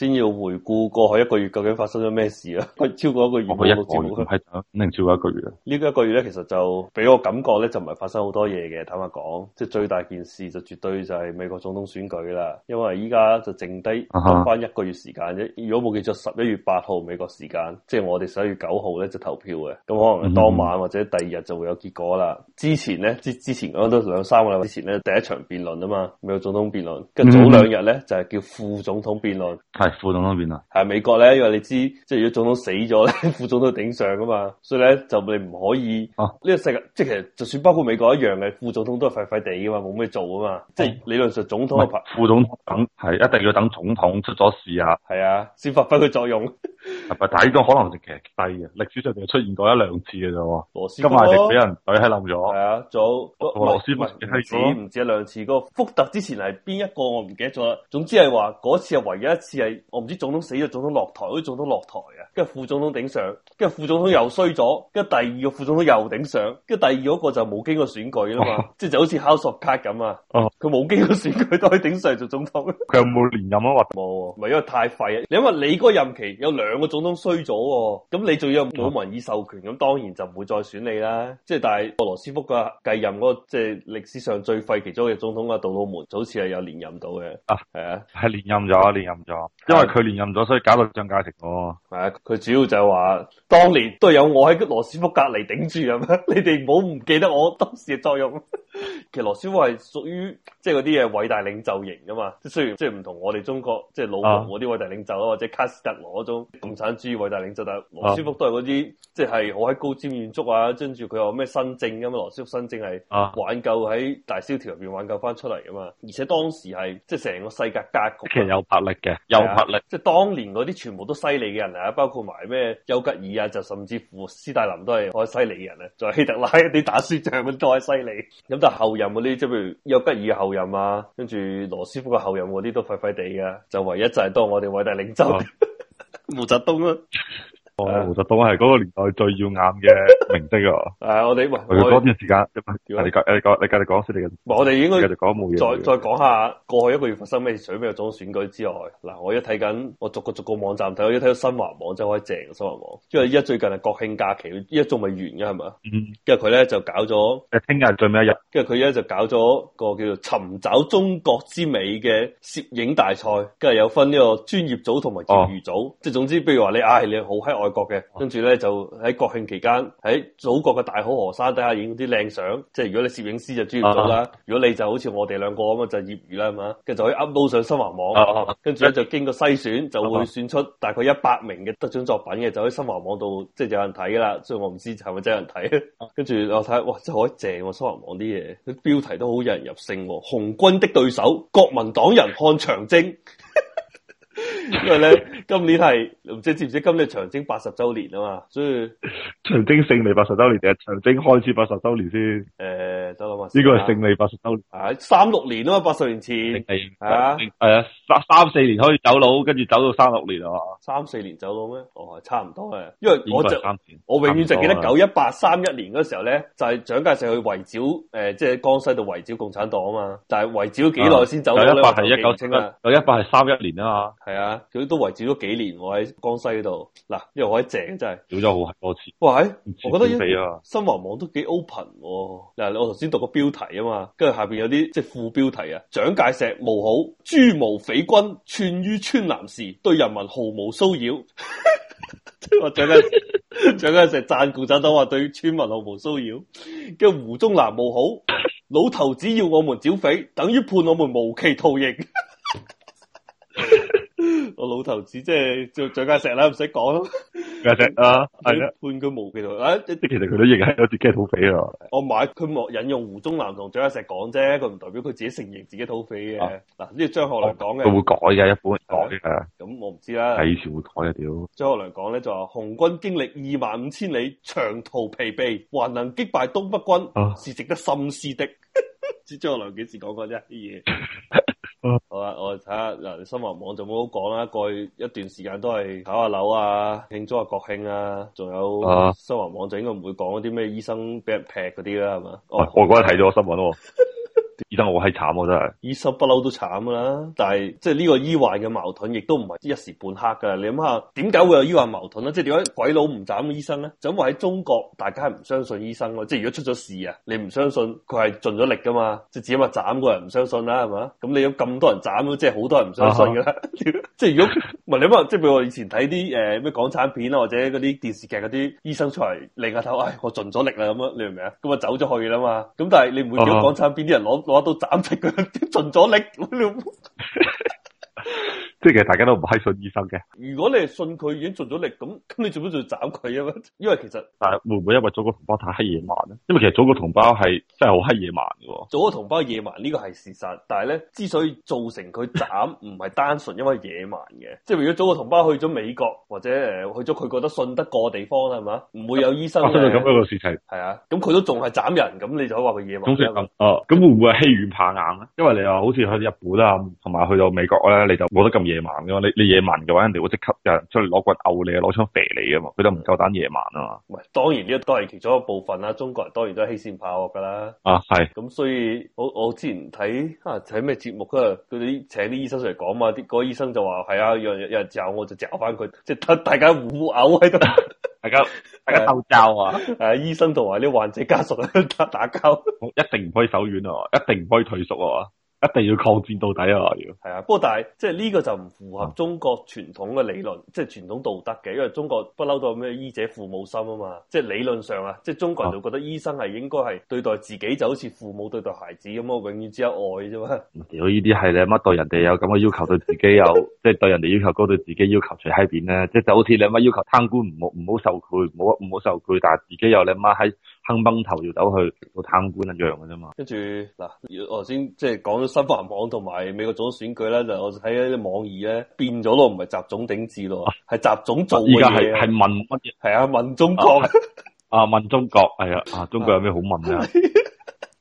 先要回顧過去一個月究竟發生咗咩事啊？佢超過一個月，一個月係肯定超過一個月啊！呢個一個月咧，其實就俾我感覺咧，就唔係發生好多嘢嘅。坦白講，即係最大件事就絕對就係美國總統選舉啦。因為依家就剩低得翻一個月時間啫。Uh huh. 如果冇記錯，十一月八號美國時間，即係我哋十一月九號咧就投票嘅。咁可能當晚或者第二日就會有結果啦。Mm hmm. 之前咧，之之前講都兩三個禮拜之前咧，第一場辯論啊嘛，美國總統辯論。跟早兩日咧。Mm hmm. 就係叫副總統辯論。副總都變啦，係、啊、美國咧，因為你知，即係如果總統死咗咧，副總都頂上噶嘛，所以咧就你唔可以。哦、啊，呢個世界，即係其實就算包括美國一樣嘅，副總統都係廢廢地噶嘛，冇咩做噶嘛，即係理論上總統嘅排、啊、副總統等係一定要等總統出咗事啊。係啊，先發揮佢作用。是不是，但係呢個可能性其實低嘅，歷史上就出現過一兩次嘅啫。羅斯金係俾人懟喺冧咗。係啊，仲羅、啊、斯福唔止唔止一兩次。個福特之前係邊一個我唔記得咗啦。總之係話嗰次係唯一一次係。我唔知總統死咗，總統落台，都總統落台啊，跟住副總統頂上，跟住副總統又衰咗，跟住第二個副總統又頂上，跟住第二個就冇經過選舉啦嘛，啊、即係就好似 House of Cards 咁啊，佢冇經過選舉都可以頂上做總統，佢又冇連任啊？話冇，唔係因為太廢啊，你因為你嗰個任期有兩個總統衰咗，咁你仲要冇民意授權，咁當然就唔會再選你啦。即係但係俄羅斯福噶繼任嗰、那個，即係歷史上最廢其中嘅總統啊，杜魯門，好似係有連任到嘅，係啊，係、啊、連任咗，連任咗。因為佢連任咗，所以搞到張家庭咯。係啊，佢主要就係話當年都有我喺羅斯福隔籬頂住啊。你哋唔好唔記得我當時嘅作用。 其實羅斯福係屬於即係嗰啲嘢偉大領袖型噶嘛。即雖然即係唔同我哋中國即係、就是、老毛嗰啲偉大領袖啦，啊、或者卡斯特羅嗰種共產主義偉大領袖，但係羅斯福都係嗰啲即係我喺高瞻遠矚啊，跟住佢有咩新政咁啊。羅斯福新政係、啊、挽救喺大蕭條入邊挽救翻出嚟噶嘛。而且當時係即係成個世界格局、啊，其實有魄力嘅，有、啊。啊、即係當年嗰啲全部都犀利嘅人啊，包括埋咩丘吉爾啊，就甚至乎斯大林都係好犀利嘅人啊，仲有希特拉啲打輸仗咁都係犀利。咁但係後任嗰啲，即譬如丘吉爾後任啊，跟住羅斯福嘅後任嗰啲都廢廢地啊，就唯一就係當我哋偉大領袖、啊、 毛澤東啊。毛澤東係嗰個年代最耀眼嘅明星啊！我哋嗰段時間，一班叫你你講，你繼續講先。我哋應該繼續講，再再講下過去一個月發生咩，水除咗選舉之外，嗱，我一睇緊，我逐個逐個網站睇，我一睇到新華網真係正，新華網，因為而家最近係國慶假期，而家仲未完嘅係咪？嗯，跟住佢咧就搞咗，聽日最尾一日，跟住佢呢就搞咗個叫做尋找中國之美嘅攝影大賽，跟住有分呢個專業組同埋業餘組，即係總之，譬如話你，啊你好喺外國嘅，跟住咧就喺國慶期間喺祖國嘅大好河山底下影啲靚相，即係如果你攝影師就專業咗啦，啊啊、如果你就好似我哋兩個咁就是、業餘啦，咁跟住就可以 upload 上新華網，跟住咧就經過篩選就會選出大概一百名嘅得獎作品嘅，啊啊、就喺新華網度即係有人睇噶啦，所以我唔知係咪真有人睇，跟住、啊、我睇哇真係好正喎，新華網啲嘢，標題都好引人入勝，紅軍的對手，國民黨人看長征。啊 因為咧，今年係唔知知唔知今年長征八十周年啊嘛，所以長征勝利八十周年定係長征開始八十周年先？誒，都好嘛。呢個係勝利八十周年，係三六年啊嘛，八十年前係啊，係啊，三三四年可以走佬，跟住走到三六年啊嘛，三四年走佬咩？哦，差唔多係，因為我就我永遠就記得九一八三一年嗰時候咧，就係蔣介石去圍剿誒，即係江西度圍剿共產黨啊嘛，就係圍剿幾耐先走？九一八係一九一九一八係三一年啊嘛。係啊，佢都維持咗幾年，我喺江西嗰度。嗱，因為我喺正真係，廣咗好多次。喂，我覺得新華網都幾 open、啊。嗱、啊，我頭先讀個標題啊嘛，跟住下邊有啲即係副標題啊。蔣、嗯、介石無好，朱毛匪軍竄於村南時，對人民毫無騷擾。我最近蔣介石贊顧 讚長話讚讚對村民毫無騷擾。跟胡宗南無好， 老頭子要我們剿匪，等於判我們無期徒刑。個老頭子即係做蔣介石啦，唔使講。蔣介石啊，係啦。判佢無期徒，誒，即其實佢都認係有自己係土匪啊。我買佢莫引用胡宗南同蔣介石講啫，佢唔代表佢自己承認自己土匪嘅。嗱、啊，即係張學良講嘅。佢會改嘅，一般改嘅。咁、啊、我唔知啦。以前會改嘅屌。張學良講咧就話，紅軍經歷二萬五千里長途疲憊，還能擊敗東北軍，啊、是值得深思的。知張學良幾時講過啫啲嘢？ 嗯，啊、好啦、啊，我哋睇下嗱，新華網就冇好講啦，過去一段時間都係搞下樓啊，慶祝下國慶啊，仲有新華網就應該唔會講啲咩醫生俾人劈嗰啲啦，係嘛？我我嗰日睇咗個新聞。 而得我係慘，我真係醫生不嬲都慘噶啦，但係即係呢個醫患嘅矛盾亦都唔係一時半刻噶。你諗下，點解會有醫患矛盾咧？即係點解鬼佬唔斬醫生咧？就因為喺中國，大家係唔相信醫生咯。即係如果出咗事啊，你唔相信佢係盡咗力噶嘛？即係自己話斬個人唔相信啦，係嘛？咁你有咁多人斬，即係好多人唔相信噶啦。即係、uh huh. 如果唔係你諗下，即係譬如我以前睇啲誒咩港產片啊，或者嗰啲電視劇嗰啲醫生出嚟擰下頭，唉、哎，我盡咗力啦咁啊，你明唔明啊？咁啊走咗去啦嘛。咁但係你唔會點講？港產片啲人攞攞？Uh huh. 我都斬直佢，盡咗力。即係其實大家都唔係信醫生嘅。如果你係信佢已經盡咗力，咁咁你做乜仲要斬佢啊？因為其實但會唔會因為祖國同胞太黑野蠻咧？因為其實祖國同胞係真係好黑野蠻嘅。祖國同胞野蠻呢個係事實，但係咧之所以造成佢斬唔係單純因為野蠻嘅。即係如果祖國同胞去咗美國或者誒去咗佢覺得信得過地方啦，係嘛？唔會有醫生。即係咁一個事情。係啊，咁佢都仲係斬人，咁你就可以話佢野蠻。總之是咁吧啊，咁會唔會係欺軟怕硬咧？ 因為你話好似去日本啊，同埋去到美國咧，你就冇得咁。野蠻嘅嘛，你你野蠻嘅話，人哋會即刻有人出嚟攞棍毆你啊，攞槍射你啊嘛，佢都唔夠膽野蠻啊嘛。唔係，當然呢都係其中一部分啦。中國人當然都係欺善怕惡噶啦、啊。啊，係。咁所以我我之前睇啊睇咩節目啊，佢哋請啲醫生出嚟講嘛，啲、那、嗰個醫生就話係啊，有人有人咒我就嚼翻佢，即係大大家互毆喺度，大家大家鬥咒啊，誒、 啊啊，醫生同埋啲患者家屬 打打交，一定唔可以手軟啊，一定唔可以退縮啊。一定要抗戰到底啊！要係啊，不過但係即係呢個就唔符合中國傳統嘅理論，啊、即係傳統道德嘅，因為中國不嬲都係咩醫者父母心啊嘛，即係理論上啊，即係中國人就覺得醫生係應該係對待自己、啊、就好似父母對待孩子咁我永遠只有愛啫嘛。有呢啲係你乜對人哋有咁嘅要求，對自己有即係 對人哋要求高，那個、對自己要求隨喺便咧，即係就好似你乜要求貪官唔好唔好受賄，唔好唔好受賄，但係自己有你乜喺？掹頭要走去，個貪官一樣嘅啫嘛。跟住嗱，我頭先即係講咗新華網同埋美國總選舉咧，就我睇啲網議咧變咗咯，唔係習總頂置咯，係習總做嘅，啊。依家係係問乜嘢？係啊，啊，啊，問中國啊，問中國係啊，啊，中國有咩好問啊？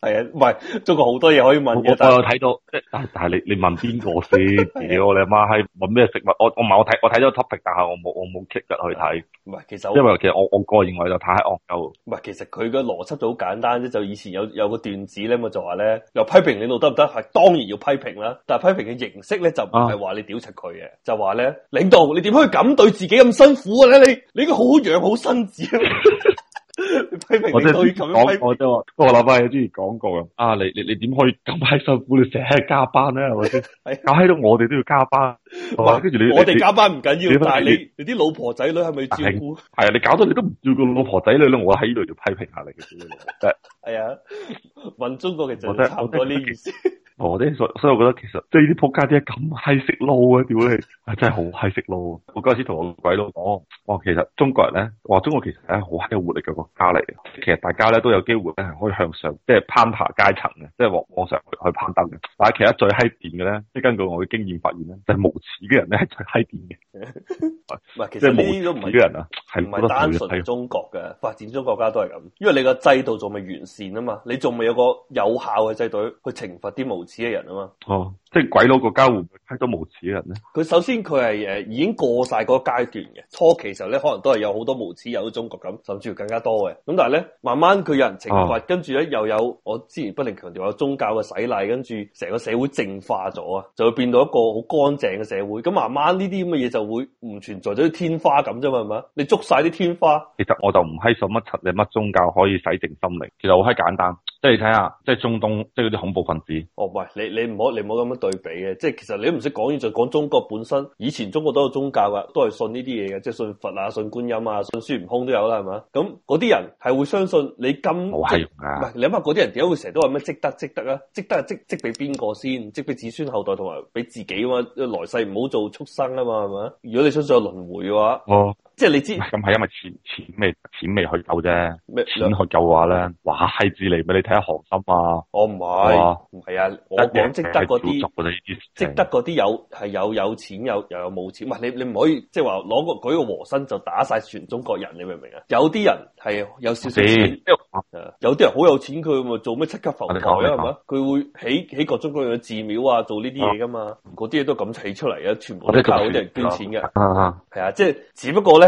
係啊，唔係中國好多嘢可以問嘅。我有睇到，但係是你你問邊個先？屌 你阿媽閪，問咩食物？我我唔係我睇我睇咗 topic，但係我冇我冇 keep 入去睇。唔係、啊，其實因為其實我我個人認為就太惡搞。唔係，其實佢嘅邏輯就好簡單啫，就以前有有個段子咧，就話咧，又批評領導得唔得？係當然要批評啦，但係批評嘅形式咧就唔係話你屌柒佢嘅，就話咧、啊、領導，你點可以咁對自己咁辛苦啊咧？你你應該好好養好身子。 對，我真係中意講，我就我諗起之前講過，啊，你你你點可以咁閪辛苦？你成日加班咧，係咪先？搞到我哋都要加班，跟住、 嗯、你我哋加班唔緊要，但係你你啲老婆仔女係咪照顧？係啊，你搞到你都唔照顧老婆仔女咧，我喺呢度就批評下你嘅。係、就是，啊， 問中國嘅就差咗呢件事啲所、哦，所以我覺得其實即係呢啲撲街啲咁閪食撈啊，屌你，真係好閪食撈。我嗰陣時同我個鬼佬講，其實中國人咧，話，中國其實係好閪有活力嘅國家嚟嘅。其實大家咧都有機會咧係可以向上，即係攀爬階層嘅，即係往往上去攀登嘅。但係其他最閪變嘅咧，即根據我嘅經驗發現咧，就係、是、無恥嘅人咧係最閪變嘅。唔係其實無恥都唔係人啊，係唔係單純中國嘅發展中國家都係咁，因為你個制度仲未完善啊嘛，你仲未有個有效嘅制度去懲罰啲無嘅人啊嘛，哦，即係鬼佬國家會唔會係多無恥嘅人咧。佢首先佢係誒已經過晒嗰階段嘅初期時候咧，可能都係有好多無恥有啲中國咁，甚至乎更加多嘅。咁但係咧，慢慢佢有人懲罰，跟住咧又有我之前不停強調有宗教嘅洗禮，跟住成個社會淨化咗啊，就會變到一個好乾淨嘅社會。咁慢慢呢啲咁嘅嘢就會唔存在咗啲天花咁啫嘛，係你捉晒啲天花，其實我就唔閪信乜七你乜宗教可以洗淨心靈，其實好閪簡單。即係睇下，即係中東，即係嗰啲恐怖分子。哦，喂，你你唔好，你唔好咁樣對比嘅。即係其實你都唔識講嘢，就講中國本身。以前中國都有宗教噶，都係信呢啲嘢嘅，即係信佛啊、信觀音啊、信孫悟空都有啦，係嘛？咁嗰啲人係會相信你咁即係唔係？你諗下嗰啲人點解會成日都話咩積德積德啊？積德係積積俾邊個先？積俾子孫後代同埋俾自己啊嘛？來世唔好做畜生啊嘛，係嘛？如果你相信有輪回嘅話，哦。即係你知，咁係因為錢錢未錢未去夠啫。咩錢去夠嘅話咧，哇閪字嚟俾你睇下和珅啊！我唔係，係啊，我講積德嗰啲，積德嗰啲有係有有錢有又有冇錢。你你唔可以即係話攞個舉個和珅就打晒全中國人，你明唔明啊？有啲人係有少少錢，有啲人好有錢，佢咪做咩七級浮屠？係咪？佢會起起各種各樣嘅寺廟啊，做呢啲嘢㗎嘛。嗰啲嘢都咁起出嚟啊，全部都靠啲人捐錢嘅。啊啊，係啊，即係只不過咧。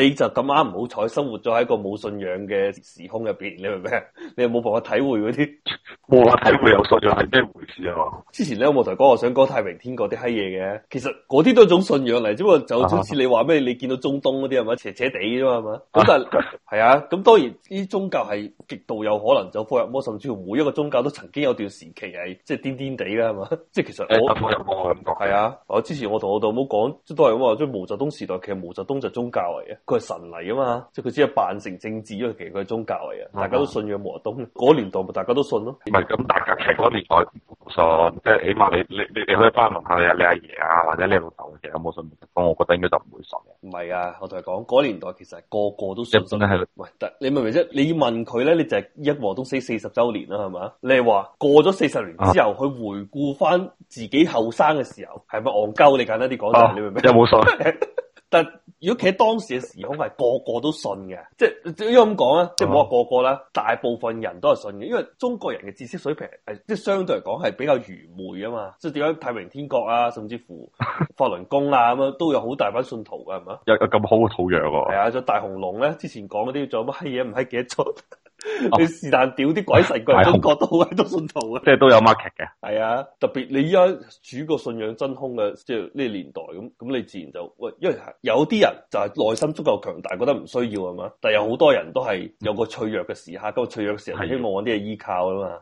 你就咁啱唔好彩，生活咗喺一個冇信仰嘅時空入邊，你明咩？你又冇辦法體會嗰啲，冇法、哦、體會有信仰係咩回事啊？之前呢你咧我就講我想講太平天國啲閪嘢嘅，其實嗰啲都係一種信仰嚟，只不過就好似你話咩，你見到中東嗰啲係咪斜斜地啫嘛，咁、uh huh. 但係、uh huh. 啊，咁當然呢宗教係極度有可能就放入魔，甚至乎每一個宗教都曾經有段時期係即係癲癲地啦，係、就、嘛、是？即係其實誒，踏、哎、入魔嘅感覺係啊，我之前我同我老母講，即都係咁話，即係毛澤東時代其實毛澤東就宗教嚟嘅。佢係神嚟啊嘛，即係佢只係扮成政治，因為其實佢係宗教嚟嘅，嗯、大家都信仰毛澤東嗰年代，咪大家都信咯。唔係咁，大家喺嗰年代唔信，即係起碼你你你你可以翻問下你阿爺啊或者你老豆其嘅有冇信毛澤東？我覺得應該就唔會信嘅。唔係啊，我同你講，嗰年代其實個個都信。真係喂，你明唔明即你要問佢咧，你就係一毛澤東死四,四十週年啦，係嘛？你話過咗四十年之後，佢、啊、回顧翻自己後生嘅時候，係咪戇鳩？你簡單啲講就，啊、你明唔明？有冇信？ 但如果企喺當時嘅時空，係個個都信嘅，即係即係咁講啦，即係冇話個個啦，uh huh. 大部分人都係信嘅，因為中國人嘅知識水平係即係相對嚟講係比較愚昧啊嘛，即係點解太平天國啊，甚至乎法輪功啊，咁樣都有好大班信徒㗎，係咪啊？有有咁好嘅土壤喎？係啊，就、啊、大紅龍咧，之前講嗰啲做乜嘢唔係記得出。 你是但屌啲鬼神個人都覺得好鬼多信徒啊，即係都有 market 嘅，係啊，特別你依家主個信仰真空嘅，即係呢個年代咁，咁你自然就喂，因為有啲人就係內心足夠強大，覺得唔需要啊嘛，但係有好多人都係有個脆弱嘅時刻，咁、那個、脆弱嘅時候希望啲嘢依靠啊嘛。